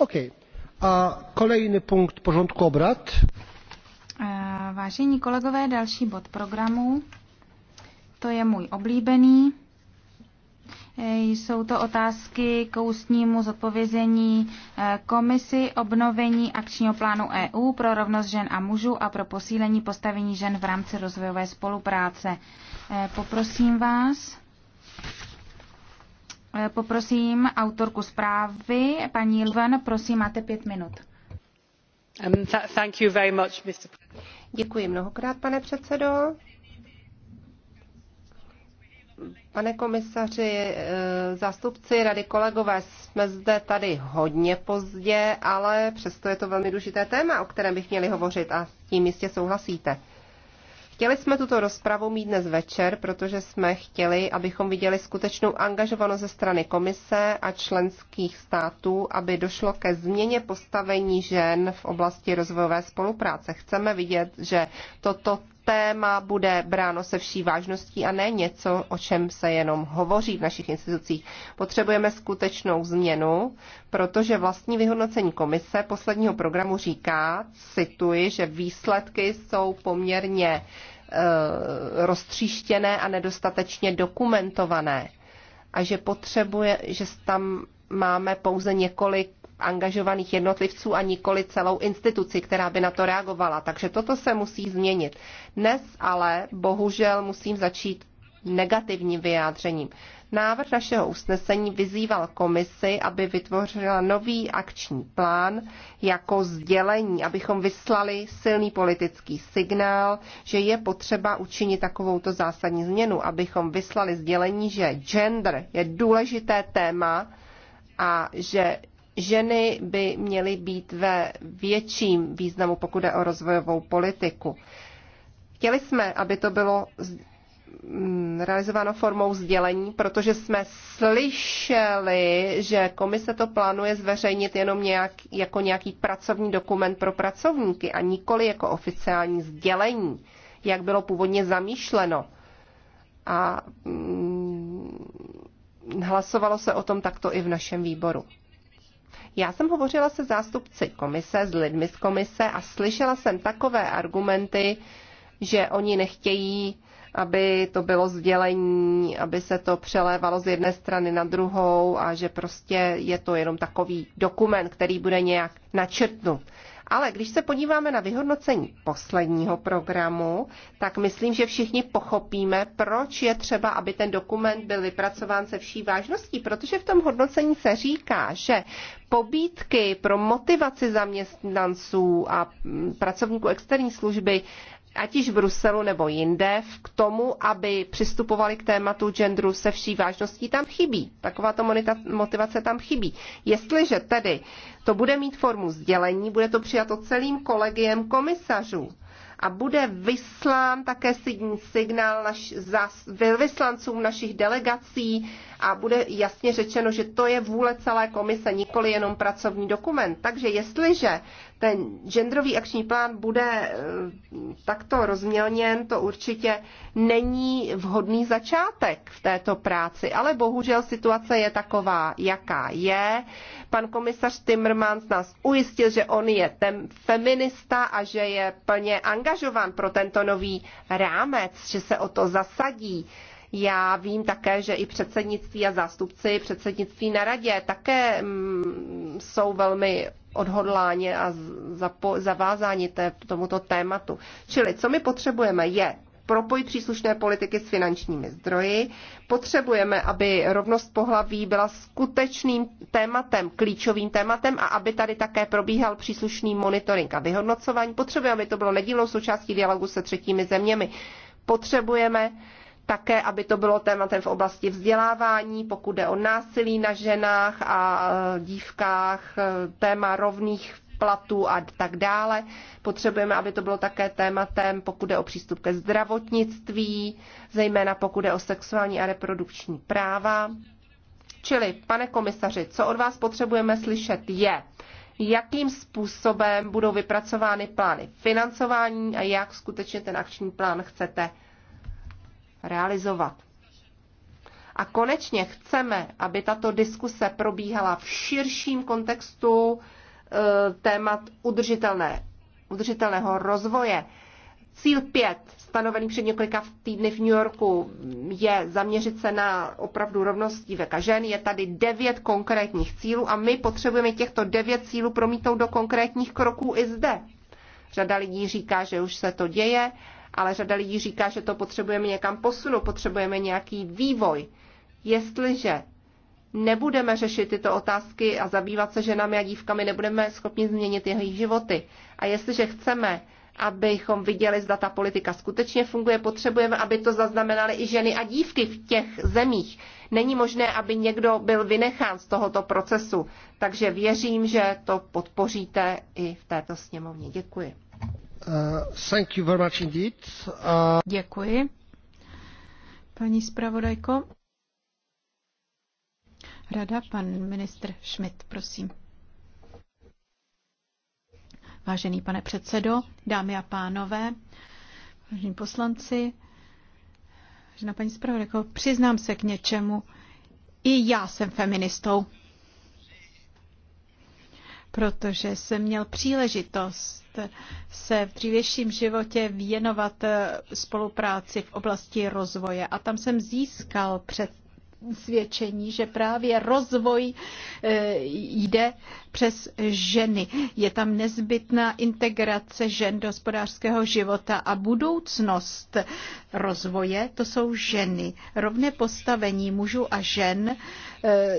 A e, Vážení kolegové, další bod programu. To je můj oblíbený. E, jsou to otázky k ústnímu zodpovězení e, komisi obnovení akčního plánu EU pro rovnost žen a mužů a pro posílení postavení žen v rámci rozvojové spolupráce. Poprosím vás. Eh, poprosím autorku zprávy, paní Lven, prosím, máte pět minut. Um, Děkuji mnohokrát, pane předsedo. Pane komisaři, eh, zástupci rady kolegové, jsme zde tady hodně pozdě, ale přesto je to velmi důležité téma, o kterém bych měli hovořit a s tím jistě souhlasíte. Chtěli jsme tuto rozpravu mít dnes večer, protože jsme chtěli, abychom viděli skutečnou angažovanost ze strany komise a členských států, aby došlo ke změně postavení žen v oblasti rozvojové spolupráce. Chceme vidět, že toto téma bude bráno se vší vážností a ne něco, o čem se jenom hovoří v našich institucích. Potřebujeme skutečnou změnu, protože vlastní vyhodnocení komise posledního programu říká, cituji, že výsledky jsou poměrně Eh, roztříštěné a nedostatečně dokumentované a že potřebuje, že tam máme pouze několik angažovaných jednotlivců a nikoli celou instituci, která by na to reagovala. Takže toto se musí změnit. Dnes ale bohužel musím začít negativním vyjádřením. Návrh našeho usnesení vyzýval komisi, aby vytvořila nový akční plán jako sdělení, abychom vyslali silný politický signál, že je potřeba učinit takovouto zásadní změnu, abychom vyslali sdělení, že gender je důležité téma a že ženy by měly být ve větším významu, pokud je o rozvojovou politiku. Chtěli jsme, aby to bylo Mm, realizováno formou sdělení, protože jsme slyšeli, že komise to plánuje zveřejnit jenom nějak, jako nějaký pracovní dokument pro pracovníky a nikoli jako oficiální sdělení, jak bylo původně zamýšleno. A mm, hlasovalo se o tom takto i v našem výboru. Já jsem hovořila se zástupci komise, s lidmi z komise a slyšela jsem takové argumenty, že oni nechtějí aby to bylo sdělení, aby se to přelévalo z jedné strany na druhou a že prostě je to jenom takový dokument, který bude nějak načrtnut. Ale když se podíváme na vyhodnocení posledního programu, tak myslím, že všichni pochopíme, proč je třeba, aby ten dokument byl vypracován se vší vážností, protože v tom hodnocení se říká, že pobídky pro motivaci zaměstnanců a pracovníků externí služby ať již v Bruselu nebo jinde, k tomu, aby přistupovali k tématu genderu se vší vážností, tam chybí. Taková to motivace tam chybí. Jestliže tedy to bude mít formu sdělení, bude to přijato celým kolegiem komisařů a bude vyslán také signál naš, za vyslancům našich delegací, a bude jasně řečeno, že to je vůle celé komise, nikoli jenom pracovní dokument. Takže jestliže ten genderový akční plán bude eh, takto rozmělněn, to určitě není vhodný začátek v této práci, ale bohužel situace je taková, jaká je. Pan komisař Timmermans nás ujistil, že on je ten feminista a že je plně angažovan pro tento nový rámec, že se o to zasadí. Já vím také, že i předsednictví a zástupci předsednictví na radě také mm, jsou velmi odhodláně a zapo- zavázáni té, tomuto tématu. Čili co my potřebujeme je propojit příslušné politiky s finančními zdroji. Potřebujeme, aby rovnost pohlaví byla skutečným tématem, klíčovým tématem a aby tady také probíhal příslušný monitoring a vyhodnocování. Potřebujeme, aby to bylo nedílnou součástí dialogu se třetími zeměmi. Potřebujeme také, aby to bylo tématem v oblasti vzdělávání, pokud jde o násilí na ženách a e, dívkách, e, téma rovných platů a tak dále. Potřebujeme, aby to bylo také tématem, pokud jde o přístup ke zdravotnictví, zejména pokud jde o sexuální a reprodukční práva. Čili, pane komisaři, co od vás potřebujeme slyšet je, jakým způsobem budou vypracovány plány financování a jak skutečně ten akční plán chcete realizovat. A konečně chceme, aby tato diskuse probíhala v širším kontextu eh, témat udržitelné, udržitelného rozvoje. Cíl 5, stanovený před několika týdny v New Yorku, je zaměřit se na opravdu rovnost dívek žen. Je tady devět konkrétních cílů a my potřebujeme těchto devět cílů promítnout do konkrétních kroků i zde. Řada lidí říká, že už se to děje, ale řada lidí říká, že to potřebujeme někam posunout, potřebujeme nějaký vývoj. Jestliže nebudeme řešit tyto otázky a zabývat se ženami a dívkami, nebudeme schopni změnit jejich životy. A jestliže chceme, abychom viděli, zda ta politika skutečně funguje, potřebujeme, aby to zaznamenaly i ženy a dívky v těch zemích. Není možné, aby někdo byl vynechán z tohoto procesu. Takže věřím, že to podpoříte i v této sněmovně. Děkuji. Uh, uh, Děkuji. Paní zpravodajko. Rada, pan ministr Schmidt, prosím. Vážený pane předsedo, dámy a pánové, vážení poslanci, vážená paní zpravodajko, přiznám se k něčemu. I já jsem feministou protože jsem měl příležitost se v dřívějším životě věnovat eh, spolupráci v oblasti rozvoje a tam jsem získal před svědčení, že právě rozvoj e, jde přes ženy. Je tam nezbytná integrace žen do hospodářského života a budoucnost rozvoje, to jsou ženy. Rovné postavení mužů a žen, e,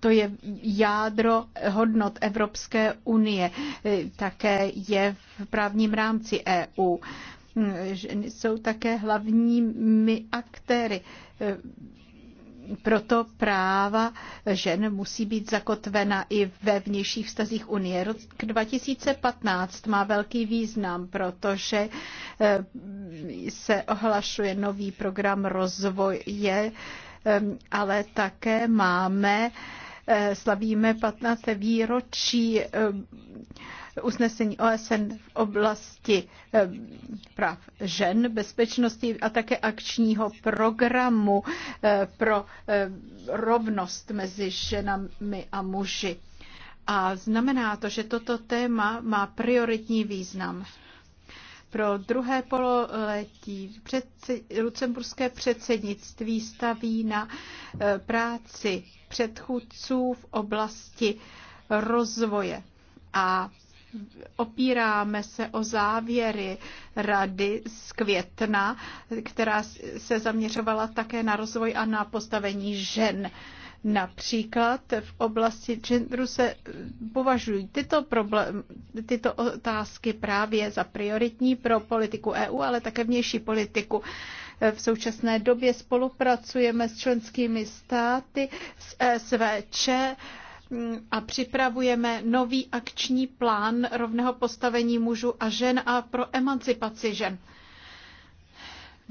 to je jádro hodnot Evropské unie, e, také je v právním rámci EU. Ženy jsou také hlavními aktéry proto práva žen musí být zakotvena i ve vnějších vztazích Unie. Rok 2015 má velký význam, protože eh, se ohlašuje nový program rozvoje, eh, ale také máme, eh, slavíme 15. výročí usnesení OSN v oblasti eh, práv žen, bezpečnosti a také akčního programu eh, pro eh, rovnost mezi ženami a muži. A znamená to, že toto téma má prioritní význam. Pro druhé pololetí předse, lucemburské předsednictví staví na práci předchůdců v oblasti rozvoje a opíráme se o závěry rady z května, která se zaměřovala také na rozvoj a na postavení žen. Například v oblasti genderu se považují tyto, problém, tyto otázky právě za prioritní pro politiku EU, ale také vnější politiku. V současné době spolupracujeme s členskými státy, s e SVČ a připravujeme nový akční plán rovného postavení mužů a žen a pro emancipaci žen.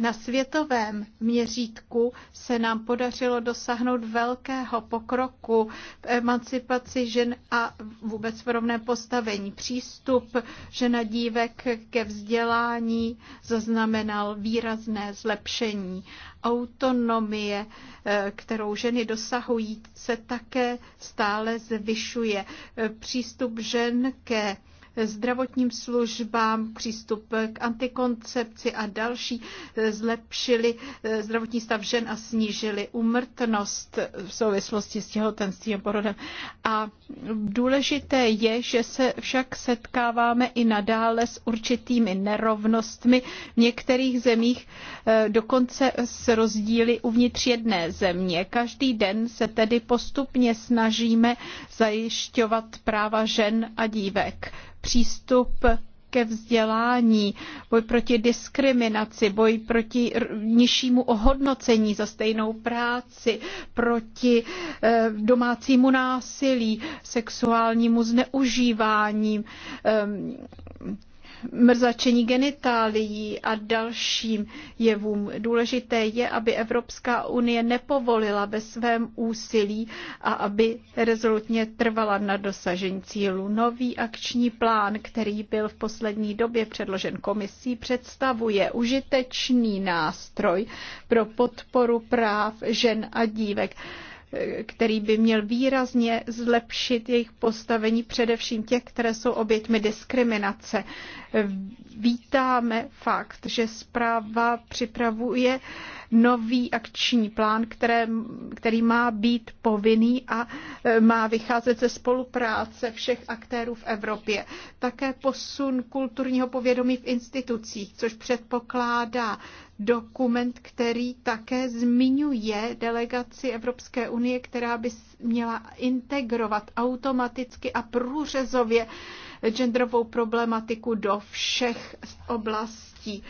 Na světovém měřítku se nám podařilo dosáhnout velkého pokroku v emancipaci žen a vůbec v rovné postavení. Přístup žena dívek ke vzdělání zaznamenal výrazné zlepšení. Autonomie, eh, kterou ženy dosahují, se také stále zvyšuje. Eh, přístup žen ke zdravotním službám, přístup k antikoncepci a další eh, zlepšili eh, zdravotní stav žen a snížili umrtnost v souvislosti s těhotenstvím a porodem. A důležité je, že se však setkáváme i nadále s určitými nerovnostmi v některých zemích, eh, dokonce s rozdíly uvnitř jedné země. Každý den se tedy postupně snažíme zajišťovat práva žen a dívek přístup ke vzdělání, boj proti diskriminaci, boj proti nižšímu ohodnocení za stejnou práci, proti eh, domácímu násilí, sexuálnímu zneužívání, ehm, mrzačení genitálií a dalším jevům. Důležité je, aby Evropská unie nepovolila ve svém úsilí a aby rezolutně trvala na dosažení cílu. Nový akční plán, který byl v poslední době předložen komisí, představuje užitečný nástroj pro podporu práv žen a dívek který by měl výrazně zlepšit jejich postavení, především těch, které jsou oběťmi diskriminace. Vítáme fakt, že zpráva připravuje nový akční plán, které, který má být povinný a e, má vycházet ze spolupráce všech aktérů v Evropě. Také posun kulturního povědomí v institucích, což předpokládá dokument, který také zmiňuje delegaci Evropské unie, která by měla integrovat automaticky a průřezově genderovou problematiku do všech oblastí.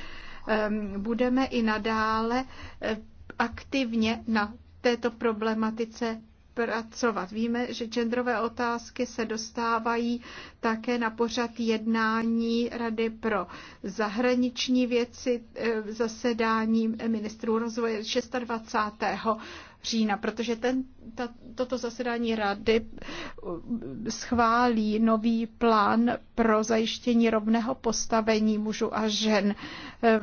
Budeme i nadále eh, aktivně na této problematice pracovat. Víme, že genderové otázky se dostávají také na pořad jednání Rady pro zahraniční věci eh, zasedání ministrů rozvoje 26 října, protože ten, ta, toto zasedání rady uh, schválí nový plán pro zajištění rovného postavení mužů a žen. Eh,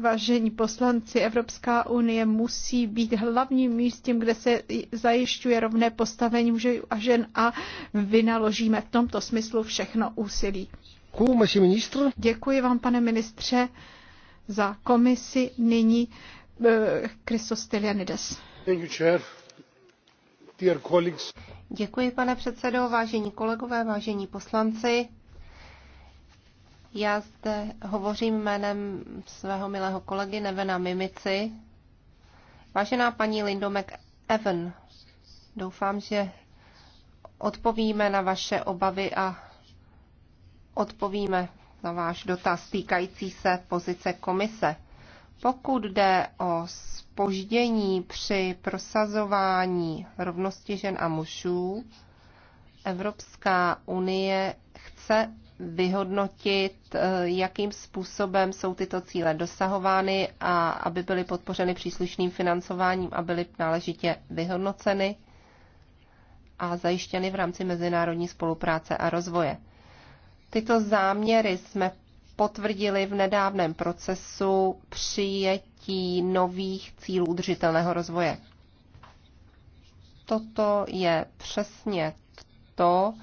vážení poslanci, Evropská unie musí být hlavním místem, kde se zajišťuje rovné postavení mužů a žen a vynaložíme v tomto smyslu všechno úsilí. Děkuji vám, pane ministře, za komisi nyní eh, Christos Stylianides. Děkuji, pane předsedající vážení kolegové, vážení poslanci. Já zde hovořím jménem svého milého kolegy Nevena Mimici. Vážená paní Lindo mcavan doufám, že odpovíme na vaše obavy a odpovíme na váš dotaz týkající se pozice komise. Pokud jde o spoždění při prosazování rovnosti žen a mužů, Evropská unie chce vyhodnotit, eh, jakým způsobem jsou tyto cíle dosahovány a aby byly podpořeny příslušným financováním a byly náležitě vyhodnoceny a zajištěny v rámci mezinárodní spolupráce a rozvoje. Tyto záměry jsme potvrdili v nedávném procesu přijetí nových cílů udržitelného rozvoje. Toto je přesně to,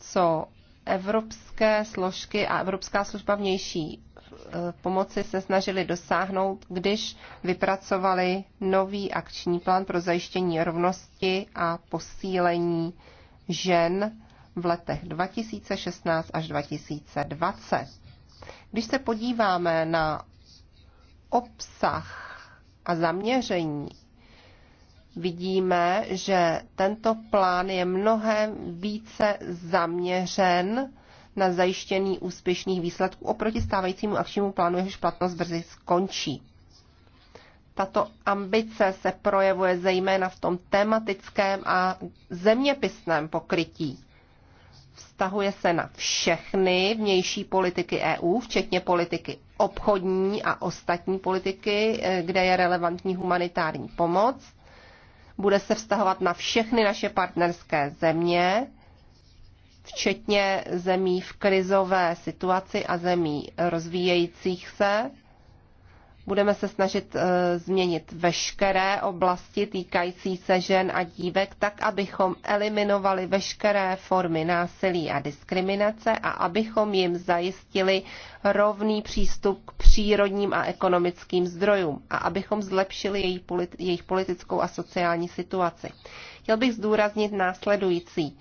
co evropské složky a Evropská služba vnější eh, pomoci se snažili dosáhnout, když vypracovali nový akční plán pro zajištění rovnosti a posílení žen v letech 2016 až 2020. Když se podíváme na obsah a zaměření, vidíme, že tento plán je mnohem více zaměřen na zajištění úspěšných výsledků oproti stávajícímu akčnímu plánu, jehož platnost brzy skončí. Tato ambice se projevuje zejména v tom tematickém a zeměpisném pokrytí vztahuje se na všechny vnější politiky EU, včetně politiky obchodní a ostatní politiky, eh, kde je relevantní humanitární pomoc. Bude se vztahovat na všechny naše partnerské země, včetně zemí v krizové situaci a zemí rozvíjejících se. Budeme se snažit eh, změnit veškeré oblasti týkající se žen a dívek tak, abychom eliminovali veškeré formy násilí a diskriminace a abychom jim zajistili rovný přístup k přírodním a ekonomickým zdrojům a abychom zlepšili jejich politickou a sociální situaci. Chtěl bych zdůraznit následující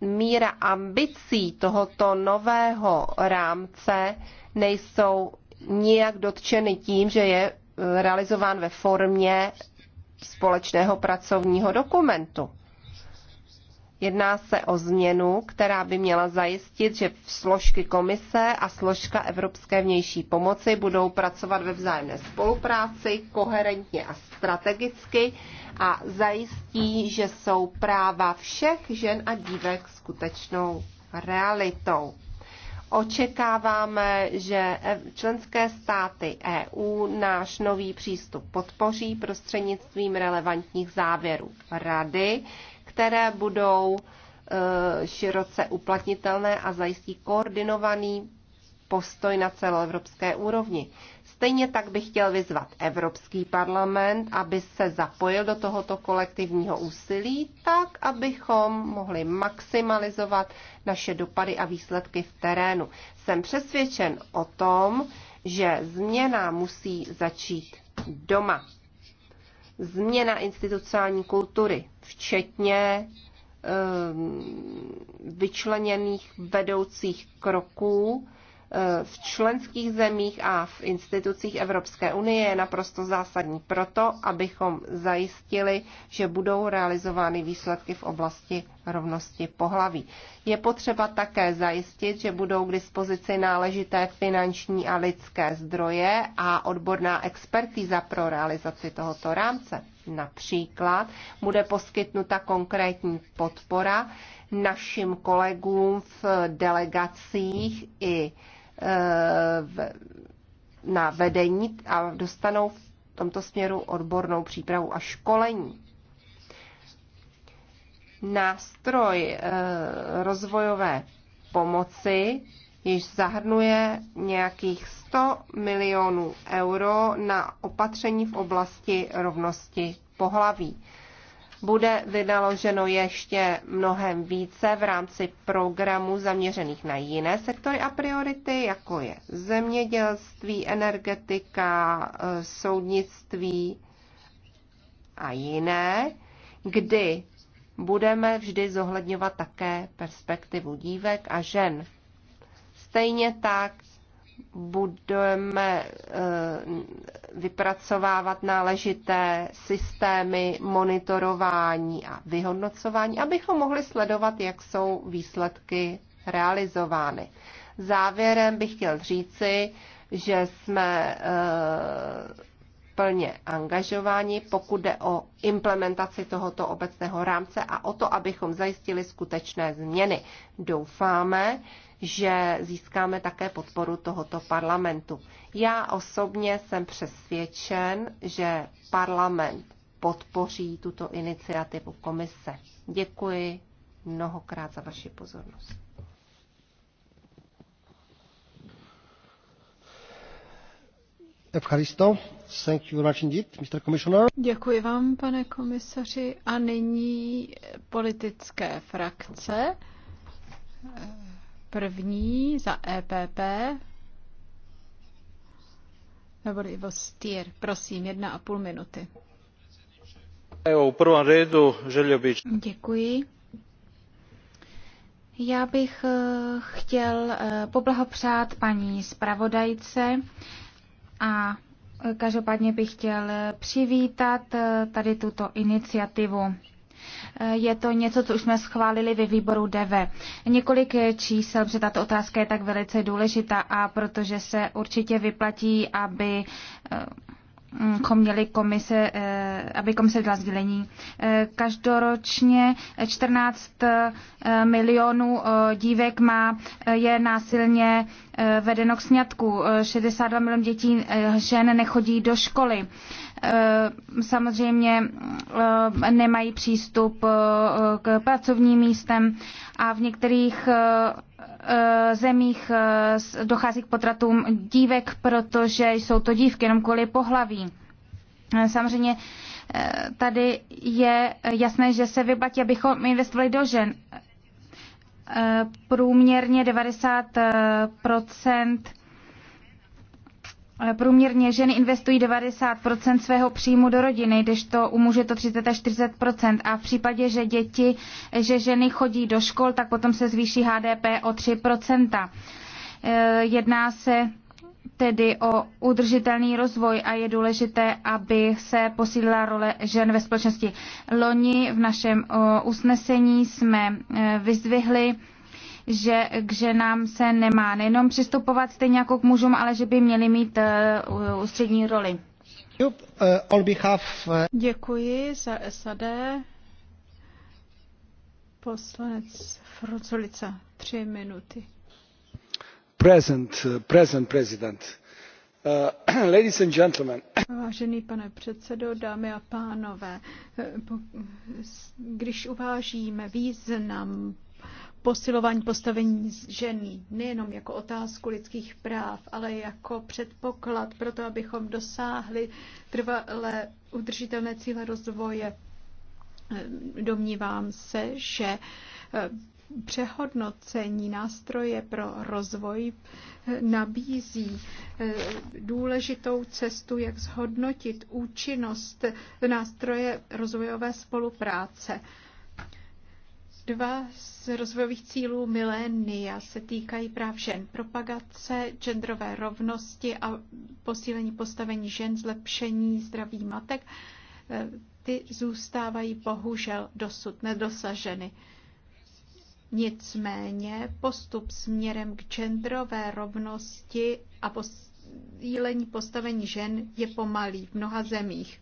míra ambicí tohoto nového rámce nejsou nijak dotčeny tím, že je eh, realizován ve formě společného pracovního dokumentu. Jedná se o změnu, která by měla zajistit, že složky komise a složka Evropské vnější pomoci budou pracovat ve vzájemné spolupráci, koherentně a strategicky a zajistí, že jsou práva všech žen a dívek skutečnou realitou očekáváme, že členské státy EU náš nový přístup podpoří prostřednictvím relevantních závěrů Rady, které budou e, široce uplatnitelné a zajistí koordinovaný postoj na celoevropské úrovni. Stejně tak bych chtěl vyzvat Evropský parlament, aby se zapojil do tohoto kolektivního úsilí, tak abychom mohli maximalizovat naše dopady a výsledky v terénu. Jsem přesvědčen o tom, že změna musí začít doma. Změna institucionální kultury, včetně ehm, vyčleněných vedoucích kroků, v členských zemích a v institucích Evropské unie je naprosto zásadní proto, abychom zajistili, že budou realizovány výsledky v oblasti rovnosti pohlaví. Je potřeba také zajistit, že budou k dispozici náležité finanční a lidské zdroje a odborná expertíza pro realizaci tohoto rámce. Například bude poskytnuta konkrétní podpora našim kolegům v delegacích i Eh, na vedení a dostanou v tomto směru odbornou přípravu a školení. Nástroj eh, rozvojové pomoci již zahrnuje nějakých 100 milionů euro na opatření v oblasti rovnosti pohlaví bude vynaloženo ještě mnohem více v rámci programů zaměřených na jiné sektory a priority, jako je zemědělství, energetika, eh, soudnictví a jiné, kdy budeme vždy zohledňovat také perspektivu dívek a žen. Stejně tak budeme eh, vypracovávat náležité systémy monitorování a vyhodnocování, abychom mohli sledovat, jak jsou výsledky realizovány. Závěrem bych chtěl říci, že jsme eh, plně angažováni, pokud jde o implementaci tohoto obecného rámce a o to, abychom zajistili skutečné změny. Doufáme, že získáme také podporu tohoto parlamentu. Já osobně jsem přesvědčen, že parlament podpoří tuto iniciativu komise. Děkuji mnohokrát za vaši pozornost. Děkuji vám, pane komisaři. A nyní politické frakce. První za EPP nebo Ivo Stier. Prosím, jedna a půl minuty. Evo, u bych... Děkuji. Já bych eh, chtěl eh, poblahopřát paní zpravodajce a eh, každopádně bych chtěl přivítat tady tuto iniciativu. Je to něco, co už jsme schválili ve výboru DV. Několik čísel, protože tato otázka je tak velice důležitá a protože se určitě vyplatí, aby eh, měli komise, eh, aby komise dala sdělení. Eh, každoročně 14 milionů dívek má, je násilně vedeno k sňatku. 62 milionů dětí žen nechodí do školy. Eh, samozřejmě eh, nemají přístup eh, k pracovním místem a v některých zemích dochází k potratům dívek, protože jsou to dívky jenom kvůli pohlaví. Samozřejmě tady je jasné, že se vyplatí, abychom investovali do žen. Průměrně 90 Eh, průměrně ženy investují 90% svého příjmu do rodiny, to u muže to 30 až 40%. A v případě, že děti, eh, že ženy chodí do škol, tak potom se zvýší HDP o 3%. Eh, jedná se tedy o udržitelný rozvoj a je důležité, aby se posílila role žen ve společnosti. Loni v našem usnesení jsme vyzvihli, že k ženám se nemá nejenom přistupovat stejně jako k mužům, ale že by měli mít eh, ústřední roli. Eh, eh, Děkuji za SAD. Poslanec Frunzulica, tři minuty. Present, present president. Uh, ladies and gentlemen. Vážený pane předsedo, dámy a pánové, když uvážíme význam posilování postavení žen nejenom jako otázku lidských práv, ale jako předpoklad pro to, abychom dosáhli trvalé udržitelné cíle rozvoje. Ehm, domnívám se, že ehm, přehodnocení nástroje pro rozvoj ehm, nabízí důležitou cestu, jak zhodnotit účinnost nástroje rozvojové spolupráce. Dva z rozvojových cílů milénia se týkají práv žen, propagace genderové rovnosti a posílení postavení žen, zlepšení zdraví matek. Eh, ty zůstávají bohužel dosud nedosaženy. Nicméně postup směrem k genderové rovnosti a posílení postavení žen je pomalý v mnoha zemích.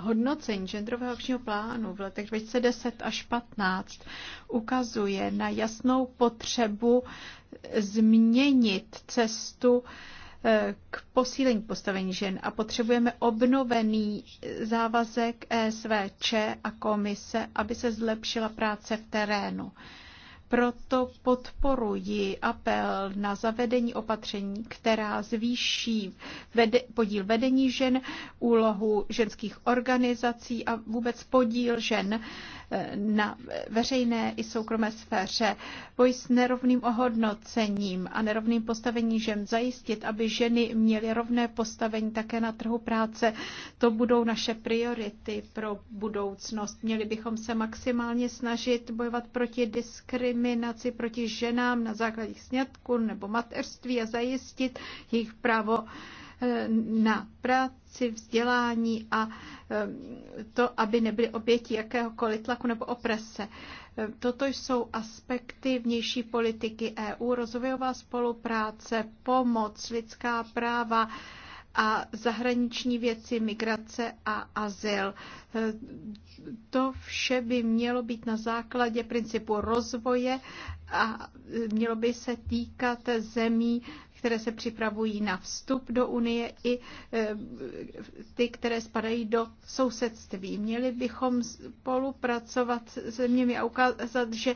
Hodnocení genderového akčního plánu v letech 2010 až 2015 ukazuje na jasnou potřebu změnit cestu eh, k posílení postavení žen a potřebujeme obnovený závazek e SVČ a komise, aby se zlepšila práce v terénu. Proto podporuji apel na zavedení opatření, která zvýší vede, podíl vedení žen, úlohu ženských organizací a vůbec podíl žen na veřejné i soukromé sféře. Boj s nerovným ohodnocením a nerovným postavením žen zajistit, aby ženy měly rovné postavení také na trhu práce, to budou naše priority pro budoucnost. Měli bychom se maximálně snažit bojovat proti diskriminaci proti ženám na základě sňatku nebo mateřství a zajistit jejich právo Eh, na práci, vzdělání a eh, to, aby nebyly oběti jakéhokoliv tlaku nebo oprese. Eh, toto jsou aspekty vnější politiky EU, rozvojová spolupráce, pomoc, lidská práva, a zahraniční věci, migrace a azyl. To vše by mělo být na základě principu rozvoje a mělo by se týkat zemí které se připravují na vstup do Unie i eh, ty, které spadají do sousedství. Měli bychom spolupracovat s zeměmi a ukázat, že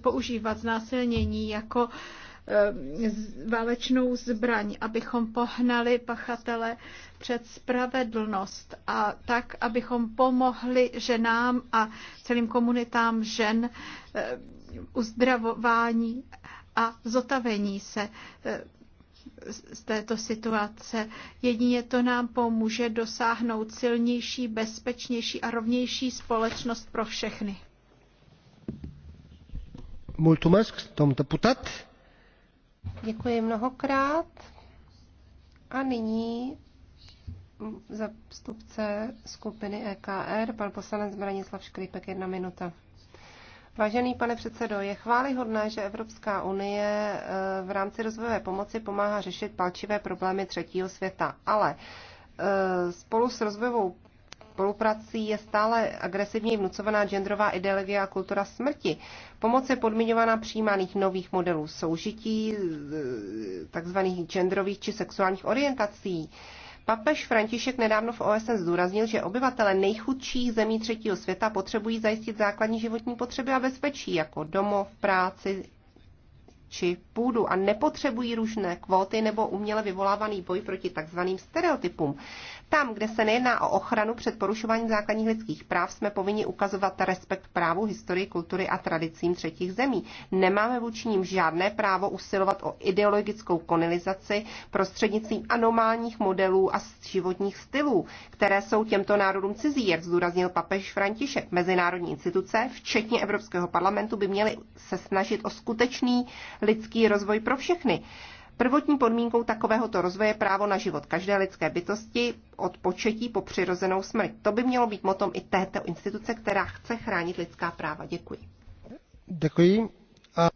používat znásilnění jako eh, válečnou zbraň, abychom pohnali pachatele před spravedlnost a tak, abychom pomohli ženám a celým komunitám žen eh, uzdravování a zotavení se z této situace. Jedině to nám pomůže dosáhnout silnější, bezpečnější a rovnější společnost pro všechny. Mulțumesc, domn deputat. Děkuji mnohokrát. A nyní zastupce skupiny EKR, pan poslanec Branislav Škripek, jedna minuta. Vážený pane předsedo, je chválihodné, že Evropská unie eh, v rámci rozvojové pomoci pomáhá řešit palčivé problémy třetího světa, ale eh, spolu s rozvojovou spoluprací je stále agresivně vnucovaná genderová ideologie a kultura smrti. Pomoc je podmiňovaná přijímaných nových modelů soužití, eh, takzvaných genderových či sexuálních orientací. Papež František nedávno v OSN zdůraznil, že obyvatele nejchudších zemí třetího světa potřebují zajistit základní životní potřeby a bezpečí, jako domov, práci či půdu a nepotřebují různé kvóty nebo uměle vyvolávaný boj proti takzvaným stereotypům. Tam, kde se nejedná o ochranu před porušováním základních lidských práv, jsme povinni ukazovat respekt právu, historii, kultury a tradicím třetích zemí. Nemáme vůči ním žádné právo usilovat o ideologickou konilizaci prostřednictvím anomálních modelů a životních stylů, které jsou těmto národům cizí, jak zdůraznil papež František. Mezinárodní instituce, včetně Evropského parlamentu, by měly se snažit o skutečný lidský rozvoj pro všechny. Prvotní podmínkou takovéhoto rozvoje je právo na život každé lidské bytosti od početí po přirozenou smrt. To by mělo být motom i této instituce, která chce chránit lidská práva. Děkuji. Děkuji. A...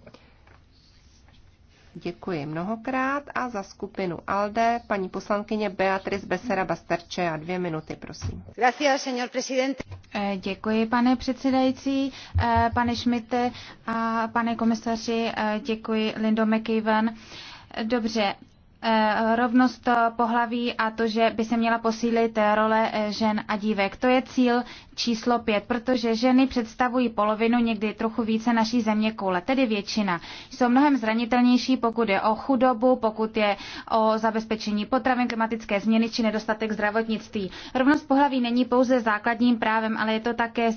Děkuji mnohokrát a za skupinu ALDE paní poslankyně Beatriz Besera Basterče a dvě minuty, prosím. Gracias, señor presidente. Eh, děkuji, pane předsedající, eh, pane Šmite a pane komisaři, eh, děkuji Lindo McEwen Dobře, Eh, rovnost pohlaví a to, že by se měla posílit role eh, žen a dívek. To je cíl číslo pět, protože ženy představují polovinu, někdy trochu více naší země koule, tedy většina. Jsou mnohem zranitelnější, pokud je o chudobu, pokud je o zabezpečení potravin, klimatické změny či nedostatek zdravotnictví. Rovnost pohlaví není pouze základním právem, ale je to také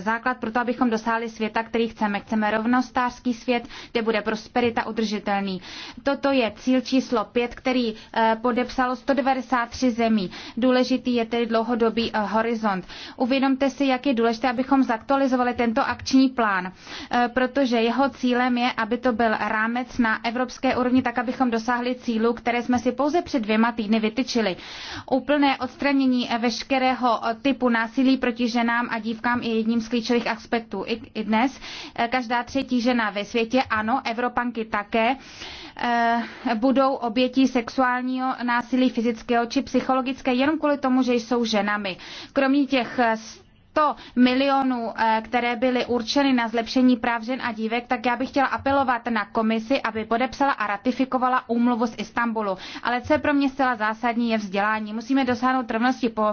základ pro to, abychom dosáhli světa, který chceme. Chceme rovnostářský svět, kde bude prosperita udržitelný. Toto je cíl číslo 5, který eh, podepsalo 193 zemí. Důležitý je tedy dlouhodobý eh, horizont. Uvědomte si, jak je důležité, abychom zaktualizovali tento akční plán, eh, protože jeho cílem je, aby to byl rámec na evropské úrovni, tak abychom dosáhli cílů, které jsme si pouze před dvěma týdny vytyčili. Úplné odstranění veškerého typu násilí proti ženám a dívkám je jedním z klíčových aspektů. I, dnes každá třetí žena ve světě, ano, Evropanky také, budou obě obětí sexuálního násilí, fyzického či psychologické, jenom kvůli tomu, že jsou ženami. Kromě těch 100 milionů, eh, které byly určeny na zlepšení práv žen a dívek, tak já bych chtěla apelovat na komisi, aby podepsala a ratifikovala úmluvu z Istanbulu. Ale co je pro mě zcela zásadní, je vzdělání. Musíme dosáhnout rovnosti po,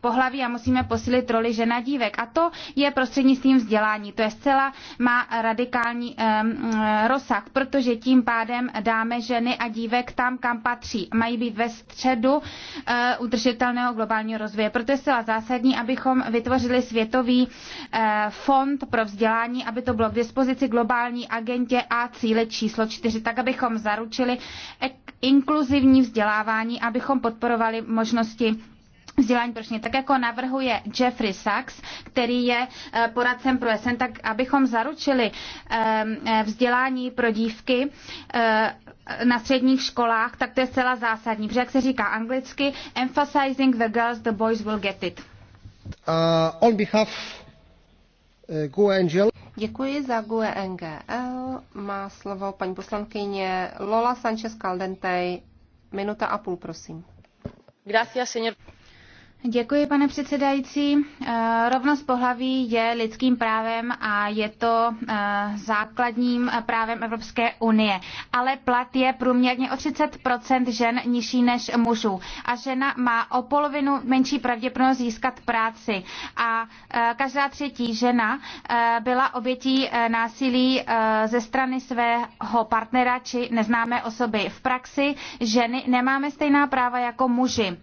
pohlaví a musíme posílit roli žen a dívek. A to je prostřednictvím vzdělání. To je zcela má radikální um, rozsah, protože tím pádem dáme ženy a dívek tam, kam patří. Mají být ve středu uh, udržitelného globálního rozvoje. Proto je zcela zásadní, abychom vytvořili Světový eh, fond pro vzdělání, aby to bylo k dispozici globální agentě a cíle číslo 4, tak abychom zaručili inkluzivní vzdělávání, abychom podporovali možnosti vzdělání pro tak jako navrhuje Jeffrey Sachs, který je eh, poradcem pro SN, tak abychom zaručili eh, vzdělání pro dívky na středních školách, tak to je zcela zásadní, protože jak se říká anglicky, emphasizing the girls, the boys will get it. Uh, on behalf uh, GUE NGL. Děkuji za GUE NGL. Má slovo paní poslankyně Lola Sanchez Caldentej. Minuta a půl, prosím. Gracias, señor. Děkuji, pane předsedající. Eh, rovnost pohlaví je lidským právem a je to eh, základním právem Evropské unie. Ale plat je průměrně o 30 žen nižší než mužů. A žena má o polovinu menší pravděpodobnost získat práci. A eh, každá třetí žena byla obětí násilí ze strany svého partnera či neznámé osoby. V praxi ženy nemáme stejná práva jako muži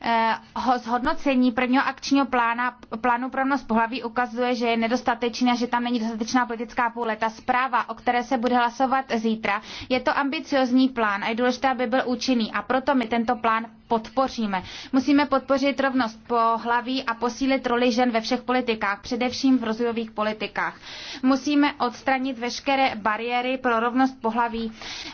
Eh, zhodnocení prvního akčního plána, plánu pro mnoz pohlaví ukazuje, že je nedostatečný a že tam není dostatečná politická půle. Ta zpráva, o které se bude hlasovat zítra, je to ambiciozní plán a je důležité, aby byl účinný a proto my tento plán podpoříme. Musíme podpořit rovnost pohlaví a posílit roli žen ve všech politikách, především v rozvojových politikách. Musíme odstranit veškeré bariéry pro rovnost pohlaví,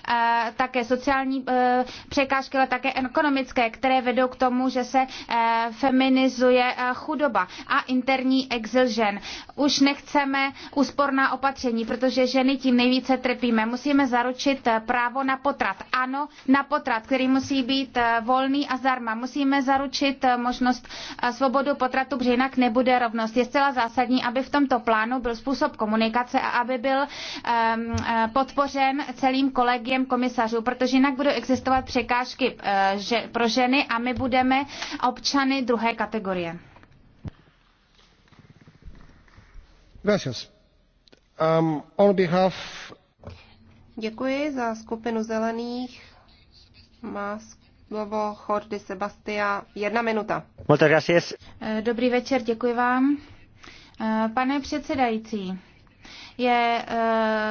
eh, také sociální eh, překážky, ale také ekonomické, které vedou k tomu, že se eh, feminizuje eh, chudoba a interní exil žen. Už nechceme úsporná opatření, protože ženy tím nejvíce trpíme. Musíme zaručit eh, právo na potrat. Ano, na potrat, který musí být volný a zdarma. Musíme zaručit možnost svobodu potratu, protože jinak nebude rovnost. Je zcela zásadní, aby v tomto plánu byl způsob komunikace a aby byl ehm, podpořen celým kolegiem komisařů, protože jinak budou existovat překážky že, pro ženy a my budeme a občany druhé kategorie. Gracias. Um, on behalf... Děkuji za skupinu zelených. Má slovo Jordi Sebastia. Jedna minuta. Eh, dobrý večer, děkuji vám. Eh, pane předsedající, je eh,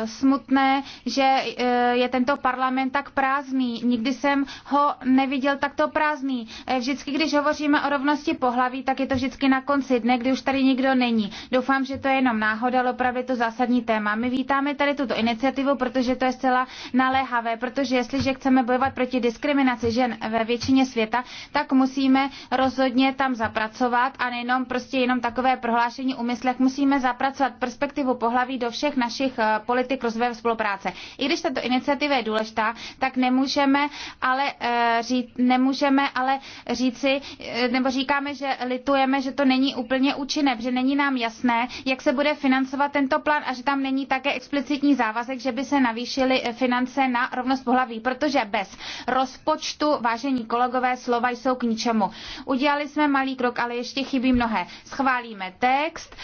smutné, že eh, je tento parlament tak prázdný. Nikdy jsem ho neviděl takto prázdný. Eh, vždycky, když hovoříme o rovnosti pohlaví, tak je to vždycky na konci dne, kdy už tady nikdo není. Doufám, že to je jenom náhoda, ale opravdu to zásadní téma. My vítáme tady tuto iniciativu, protože to je zcela naléhavé, protože jestliže chceme bojovat proti diskriminaci žen ve většině světa, tak musíme rozhodně tam zapracovat a nejenom prostě jenom takové prohlášení umyslech Musíme zapracovat perspektivu pohlaví do všech našich eh, politik rozvoje spolupráce. I když tato iniciativa je důležitá, tak nemůžeme ale, eh, říct, nemůžeme ale říci, eh, nebo říkáme, že litujeme, že to není úplně účinné, že není nám jasné, jak se bude financovat tento plán a že tam není také explicitní závazek, že by se navýšily finance na rovnost pohlaví, protože bez rozpočtu, vážení kolegové, slova jsou k ničemu. Udělali jsme malý krok, ale ještě chybí mnohé. Schválíme text,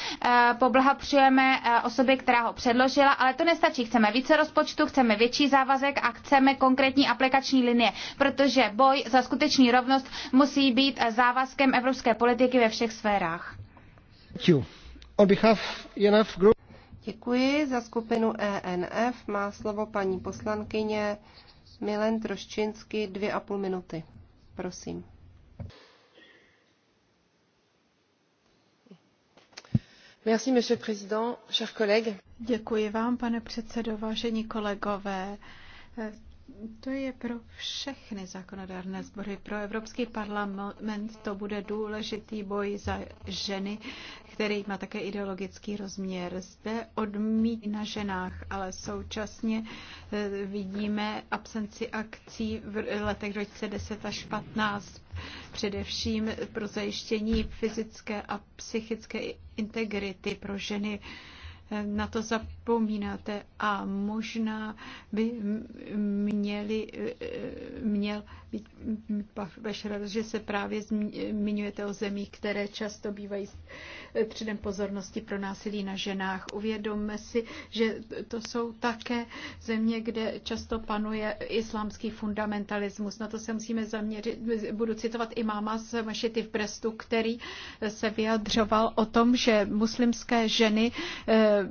poblahopřujeme osobě, která která ho předložila, ale to nestačí. Chceme více rozpočtu, chceme větší závazek a chceme konkrétní aplikační linie, protože boj za skutečný rovnost musí být závazkem evropské politiky ve všech sférách. E Děkuji. Za skupinu ENF má slovo paní poslankyně Milen Troščinsky, dvě a půl minuty. Prosím. Merci, monsieur le président, chers collègues. Děkuji vám, pane předsedo, vážení kolegové. To je pro všechny zákonodárné sbory. Pro Evropský parlament to bude důležitý boj za ženy, který má také ideologický rozměr. Zde odmít na ženách, ale současně eh, vidíme absenci akcí v letech 2010 až 15, především pro zajištění fyzické a psychické integrity pro ženy na to zapomínáte a možná by měli, e, měl Bešer, že se právě zmiňujete o zemích, které často bývají eh, předem pozornosti pro násilí na ženách. Uvědomme si, že to jsou také země, kde často panuje islámský fundamentalismus. Na to se musíme zaměřit. Budu citovat i máma z Mašity v Brestu, který eh, se vyjadřoval o tom, že muslimské ženy eh,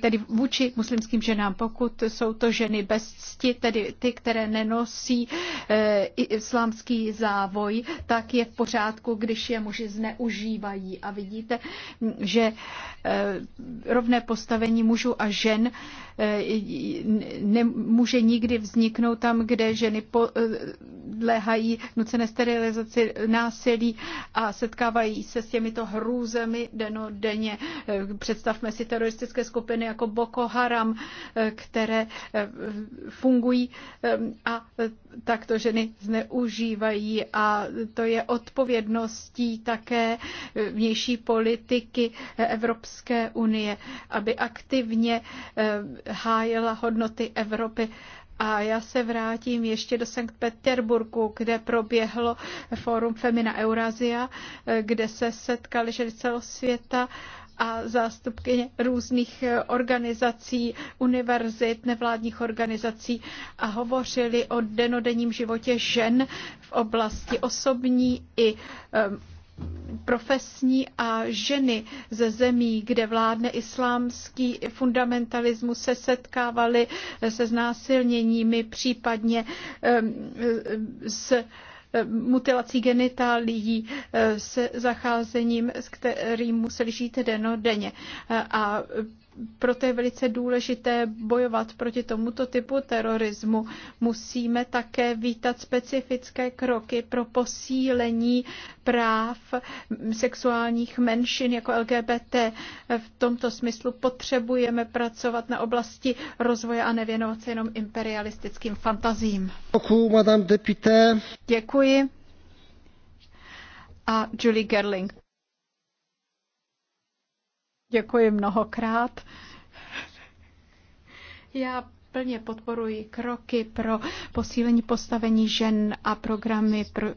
tedy vůči muslimským ženám, pokud jsou to ženy bez cti, tedy ty, které nenosí eh, islámský závoj, tak je v pořádku, když je muži zneužívají. A vidíte, mm, že eh, rovné postavení mužů a žen eh, nemůže nikdy vzniknout tam, kde ženy podléhají nucené sterilizaci násilí a setkávají se s těmito hrůzemi denodenně. Představme si teroristické skupiny skupiny jako Boko Haram, eh, které eh, fungují eh, a takto ženy zneužívají. A to je odpovědností také vnější politiky Evropské unie, aby aktivně hájila hodnoty Evropy. A já se vrátím ještě do Sankt Peterburgu, kde proběhlo fórum Femina Eurazia, kde se setkali ženy celosvěta světa a zástupky různých eh, organizací, univerzit, nevládních organizací a hovořili o denodenním životě žen v oblasti osobní i eh, profesní a ženy ze zemí, kde vládne islámský fundamentalismus, se setkávaly se znásilněními, případně eh, s Eh, mutilací genitálií, eh, se zacházením, s kterým museli žít denodenně. Eh, a proto je velice důležité bojovat proti tomuto typu terorismu. Musíme také vítat specifické kroky pro posílení práv sexuálních menšin jako LGBT. V tomto smyslu potřebujeme pracovat na oblasti rozvoje a nevěnovat se jenom imperialistickým fantazím. Děkuji. Děkuji. A Julie Gerling. Děkuji mnohokrát. Já plně podporuji kroky pro posílení postavení žen a programy pro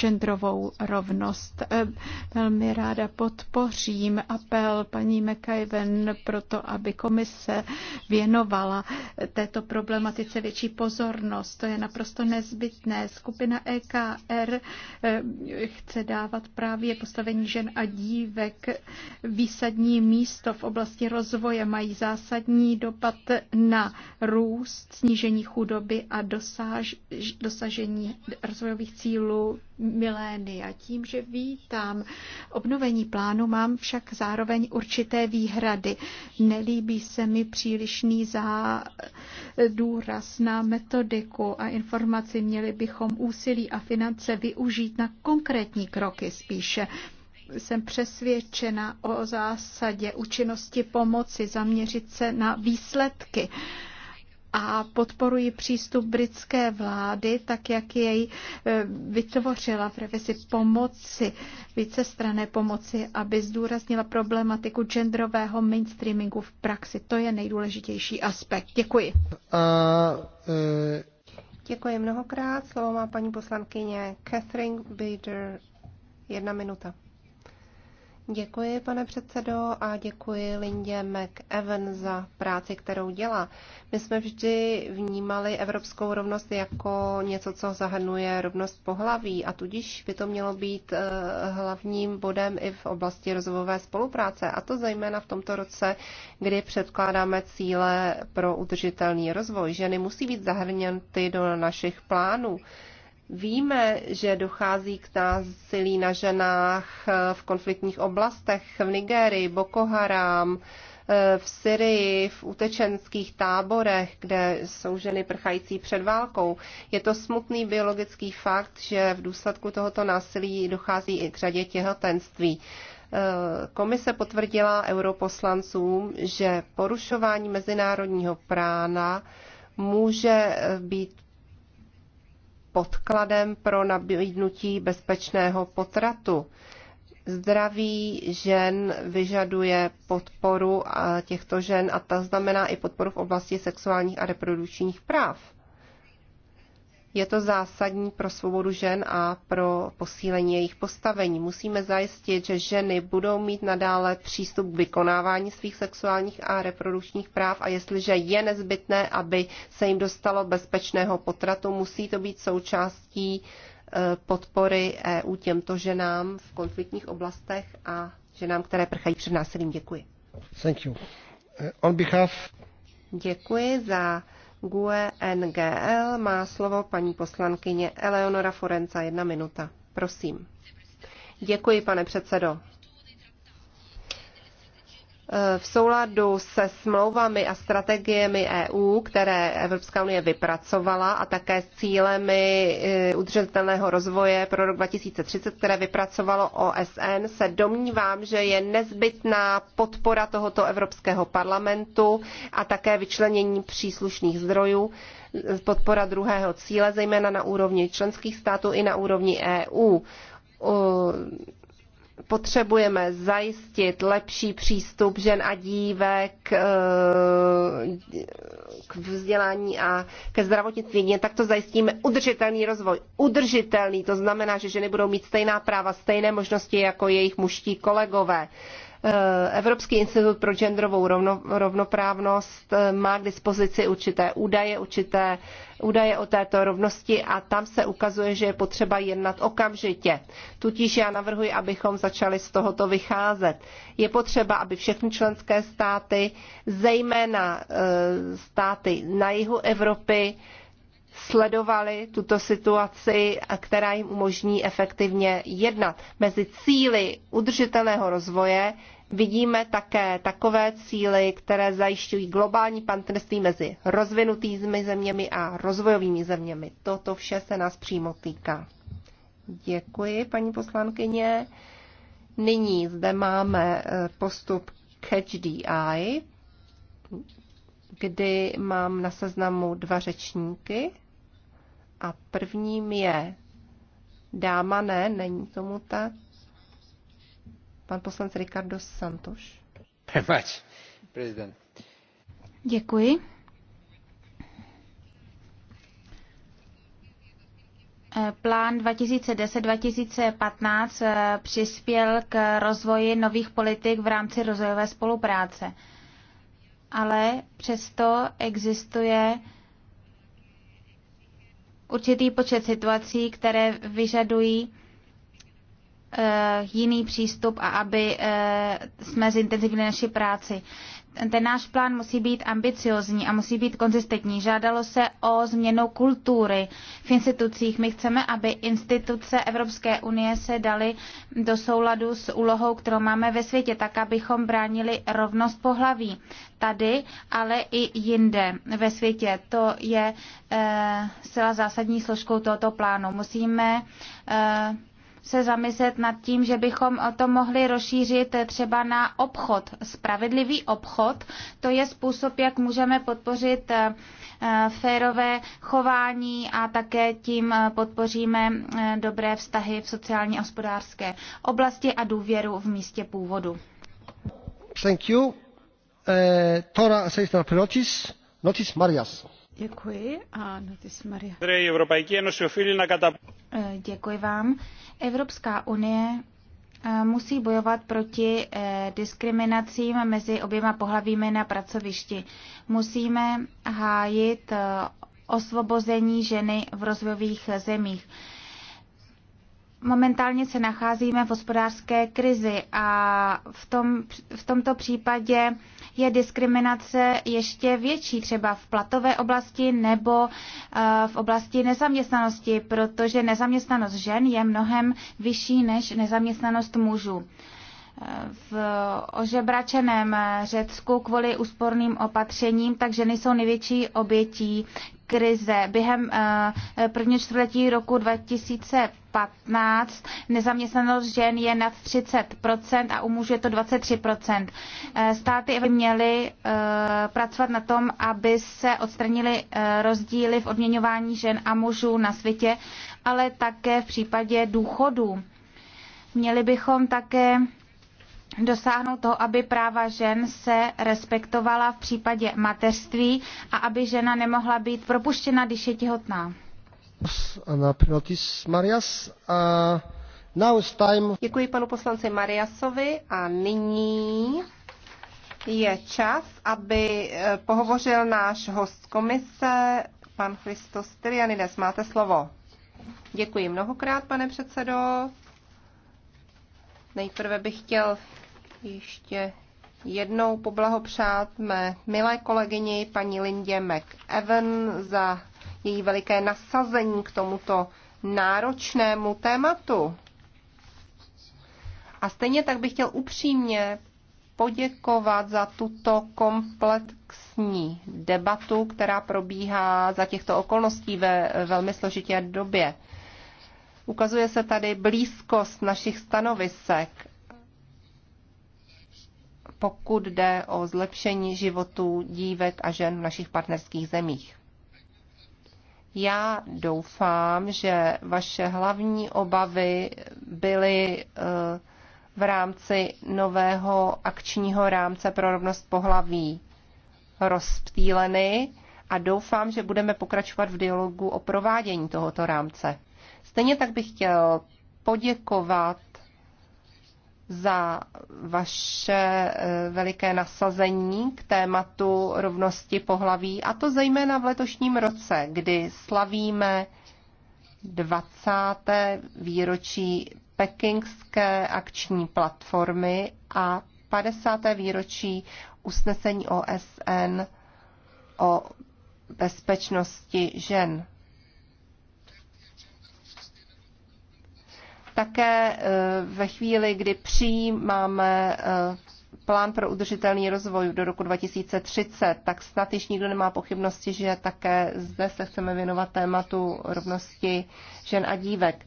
genderovou rovnost. E, velmi ráda podpořím apel paní McIven pro to, aby komise věnovala této problematice větší pozornost. To je naprosto nezbytné. Skupina EKR e, chce dávat právě postavení žen a dívek výsadní místo v oblasti rozvoje. Mají zásadní dopad na růst růst, snížení chudoby a dosáž, dosažení rozvojových cílů milénia. Tím, že vítám obnovení plánu, mám však zároveň určité výhrady. Nelíbí se mi přílišný zá důraz na metodiku a informaci. Měli bychom úsilí a finance využít na konkrétní kroky spíše jsem přesvědčena o zásadě účinnosti pomoci zaměřit se na výsledky a podporuji přístup britské vlády, tak jak jej eh, vytvořila v revizi pomoci, vícestrané pomoci, aby zdůraznila problematiku genderového mainstreamingu v praxi. To je nejdůležitější aspekt. Děkuji. A, e... Děkuji mnohokrát. Slovo má paní poslankyně Catherine Bader. Jedna minuta. Děkuji, pane předsedo, a děkuji Lindě McEwen za práci, kterou dělá. My jsme vždy vnímali evropskou rovnost jako něco, co zahrnuje rovnost pohlaví a tudíž by to mělo být eh, hlavním bodem i v oblasti rozvojové spolupráce. A to zejména v tomto roce, kdy předkládáme cíle pro udržitelný rozvoj. Ženy musí být zahrněny do našich plánů. Víme, že dochází k násilí na ženách v konfliktních oblastech v Nigérii, Boko Haram, v Syrii, v utečenských táborech, kde jsou ženy prchající před válkou. Je to smutný biologický fakt, že v důsledku tohoto násilí dochází i k řadě těhotenství. Komise potvrdila europoslancům, že porušování mezinárodního prána může být podkladem pro nabídnutí bezpečného potratu. Zdraví žen vyžaduje podporu těchto žen a ta znamená i podporu v oblasti sexuálních a reprodukčních práv. Je to zásadní pro svobodu žen a pro posílení jejich postavení. Musíme zajistit, že ženy budou mít nadále přístup k vykonávání svých sexuálních a reprodukčních práv a jestliže je nezbytné, aby se jim dostalo bezpečného potratu, musí to být součástí e, podpory EU těmto ženám v konfliktních oblastech a ženám, které prchají před násilím. Děkuji. Thank you. E, on behalf... Děkuji za GUE NGL má slovo paní poslankyně Eleonora Forenza. Jedna minuta. Prosím. Děkuji, pane předsedo v souladu se smlouvami a strategiemi EU, které Evropská unie vypracovala a také s cílemi eh, udržitelného rozvoje pro rok 2030, které vypracovalo OSN, se domnívám, že je nezbytná podpora tohoto Evropského parlamentu a také vyčlenění příslušných zdrojů, eh, podpora druhého cíle, zejména na úrovni členských států i na úrovni EU potřebujeme zajistit lepší přístup žen a dívek eh, k vzdělání a ke zdravotnictví. Jen takto zajistíme udržitelný rozvoj. Udržitelný, to znamená, že ženy budou mít stejná práva, stejné možnosti jako jejich mužští kolegové. Eh, Evropský institut pro genderovou rovno, rovnoprávnost eh, má k dispozici určité údaje, určité údaje o této rovnosti a tam se ukazuje, že je potřeba jednat okamžitě. Tutíž já navrhuji, abychom začali z tohoto vycházet. Je potřeba, aby všechny členské státy, zejména eh, státy na jihu Evropy, sledovali tuto situaci, která jim umožní efektivně jednat. Mezi cíly udržitelného rozvoje vidíme také takové cíly, které zajišťují globální partnerství mezi rozvinutými zeměmi a rozvojovými zeměmi. Toto vše se nás přímo týká. Děkuji, paní poslankyně. Nyní zde máme eh, postup Catch the Eye, kdy mám na seznamu dva řečníky. A prvním je dáma ne, není tomu tak. Pan poslanec Ricardo Santoš. Much, prezident. Děkuji. Eh, plán 2010-2015 eh, přispěl k rozvoji nových politik v rámci rozvojové spolupráce. Ale přesto existuje určitý počet situací, které vyžadují eh, jiný přístup a aby eh, jsme zintenzivnili naši práci ten náš plán musí být ambiciozní a musí být konzistentní. Žádalo se o změnu kultury v institucích. My chceme, aby instituce Evropské unie se daly do souladu s úlohou, kterou máme ve světě, tak abychom bránili rovnost pohlaví tady, ale i jinde ve světě. To je e, zásadní složkou tohoto plánu. Musíme e, se zamyslet nad tím, že bychom to mohli rozšířit třeba na obchod, spravedlivý obchod. To je způsob, jak můžeme podpořit eh, férové chování a také tím eh, podpoříme eh, dobré vztahy v sociální a hospodářské oblasti a důvěru v místě původu. Thank you. Uh, Tora Notis Marias Děkuji eh, Děkuji vám. Evropská unie eh, musí bojovat proti eh, diskriminacím mezi oběma pohlavími na pracovišti. Musíme hájit osvobození ženy v rozvojových zemích momentálně se nacházíme v hospodářské krizi a v, tom, v tomto případě je diskriminace ještě větší, třeba v platové oblasti nebo eh, v oblasti nezaměstnanosti, protože nezaměstnanost žen je mnohem vyšší než nezaměstnanost mužů. Eh, v ožebračeném Řecku kvůli úsporným opatřením, tak ženy jsou největší obětí krize. Během eh, první čtvrtletí roku 2015 nezaměstnanost žen je nad 30% a u mužů je to 23%. Eh, státy by měly eh, pracovat na tom, aby se odstranili rozdíly v odměňování žen a mužů na světě, ale také v případě důchodů. Měli bychom také dosáhnout toho, aby práva žen se respektovala v případě mateřství a aby žena nemohla být propuštěna, když je těhotná. Děkuji panu poslanci Mariasovi a nyní je čas, aby eh, pohovořil náš host komise, pan Christos Tyrianides. Máte slovo. Děkuji mnohokrát, pane předsedo. Nejprve bych chtěl ještě jednou poblahopřát mé milé kolegyni paní Lindě McEwen za její veliké nasazení k tomuto náročnému tématu. A stejně tak bych chtěl upřímně poděkovat za tuto komplexní debatu, která probíhá za těchto okolností ve velmi složité době. Ukazuje se tady blízkost našich stanovisek, pokud jde o zlepšení životů dívek a žen v našich partnerských zemích. Já doufám, že vaše hlavní obavy byly eh, v rámci nového akčního rámce pro rovnost pohlaví rozptýleny a doufám, že budeme pokračovat v dialogu o provádění tohoto rámce. Stejně tak bych chtěl poděkovat za vaše eh, veliké nasazení k tématu rovnosti pohlaví, a to zejména v letošním roce, kdy slavíme 20. výročí Pekingské akční platformy a 50. výročí usnesení OSN o bezpečnosti žen. Také e, ve chvíli, kdy přijímáme e, plán pro udržitelný rozvoj do roku 2030, tak snad již nikdo nemá pochybnosti, že také zde se chceme věnovat tématu rovnosti žen a dívek.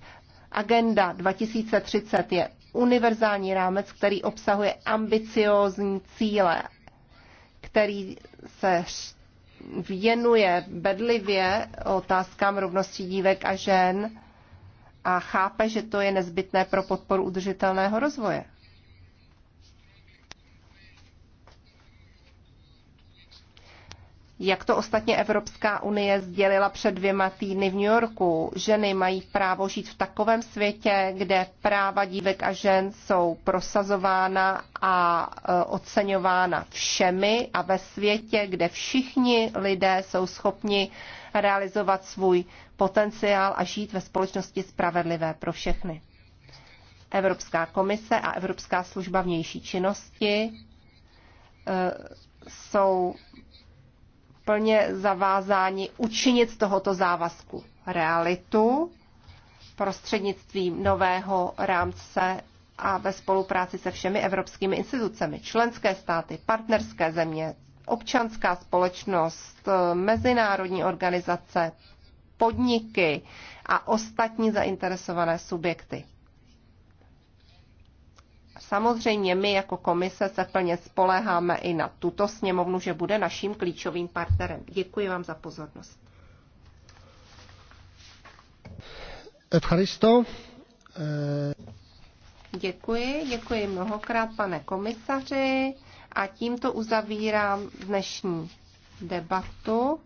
Agenda 2030 je univerzální rámec, který obsahuje ambiciózní cíle, který se věnuje bedlivě otázkám rovnosti dívek a žen a chápe, že to je nezbytné pro podporu udržitelného rozvoje. Jak to ostatně Evropská unie sdělila před dvěma týdny v New Yorku, ženy mají právo žít v takovém světě, kde práva dívek a žen jsou prosazována a e, oceňována všemi a ve světě, kde všichni lidé jsou schopni realizovat svůj potenciál a žít ve společnosti spravedlivé pro všechny. Evropská komise a Evropská služba vnější činnosti eh, jsou plně zavázáni učinit z tohoto závazku realitu prostřednictvím nového rámce a ve spolupráci se všemi evropskými institucemi, členské státy, partnerské země, občanská společnost, mezinárodní organizace, podniky a ostatní zainteresované subjekty. Samozřejmě my jako komise se plně spoléháme i na tuto sněmovnu, že bude naším klíčovým partnerem. Děkuji vám za pozornost. Evcharisto. Eh, děkuji, děkuji mnohokrát, pane komisaři. A tímto uzavírám dnešní debatu.